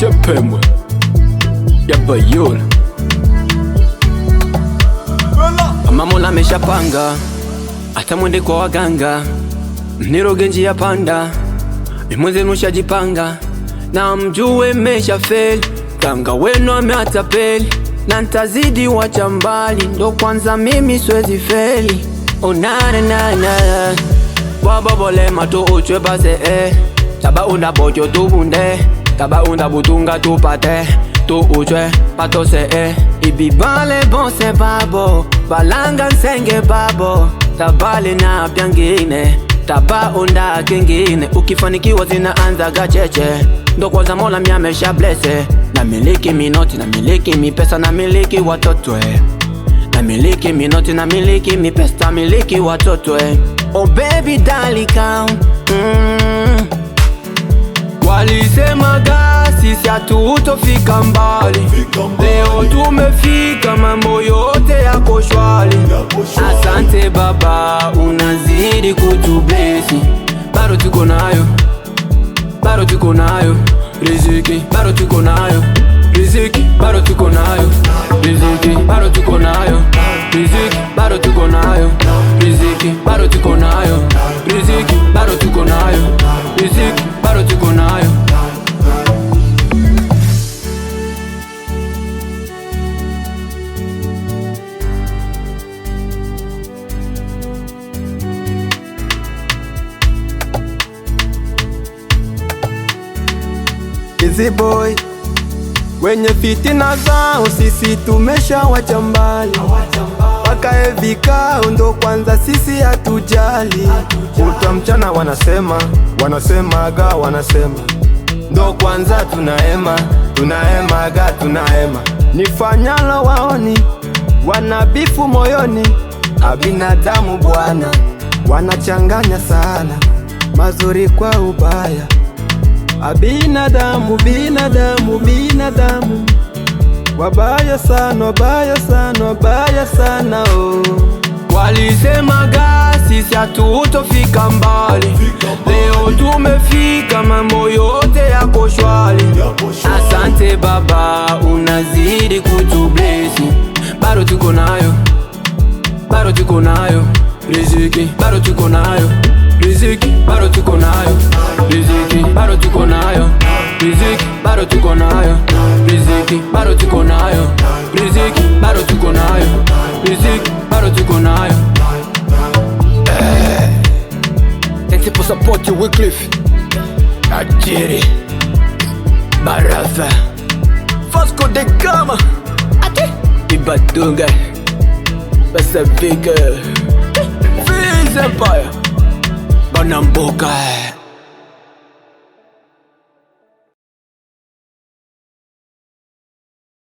chepemwe ya Bayona. Amamola ameshapanga hata mwende kwa waganga, niroge ya panda, imwenzenu na mjue mesha feli, ganga wenu ameatapeli na ntazidi wacha mbali, ndo kwanza mimi siwezi feli onanenana oh, wabobole mato uchwe base eh, taba unabojo tubunde Tabac ou Ndabutunga, tout par tu uchwe pas tout c'est eh. Ibi bale les babo balanga nsenge babo. tabale na pyangine, tabac ou nda kingine. Ukifanikiwa anza gacheche ndo kwanza Mola miamesha blese na miliki minoti, na namiliki mipesa, miliki watotwe eh. na miliki minoti, na namiliki mipesa, na miliki watotwe eh. Oh baby darling, come mm. Sema ga sisi hatutofika mbali, leo tumefika, mambo yote yako shwari. Asante Baba, unazidi kutublesi, bado tuko nayo, bado tuko nayo riziki, bado tuko nayo riziki, bado tuko nayo riziki, bado tuko nayo riziki lazy boy, wenye fitina zao sisi tumeshawacha mbali, mpaka evikao ndo kwanza sisi hatujali. Kutwa mchana wanasema wanasemaga wanasema, ndo kwanza tunaema tunaemaga tunaema, nifanyalo waoni, wanabifu moyoni, abinadamu bwana, wanachanganya sana mazuri kwa ubaya Abinadamu, binadamu, binadamu wabaya sana, wabaya sana, wabaya sana oh. Walisemaga sisi hatutofika mbali, leo tumefika, mambo yote yako shwari. Asante Baba, unazidi kutublesi, bado tuko nayo, bado tuko nayo riziki, bado tuko nayo riziki bado tuko nayo, riziki bado tuko nayo, riziki bado tuko nayo, riziki bado tuko nayo, riziki bado tuko nayo, riziki bado tuko nayo. Eh. Ntipo support Wycliffe Ajiri Baraza Vasco de Gama Ati Ibatunga Pacifica Viz Empire Banamboka eh.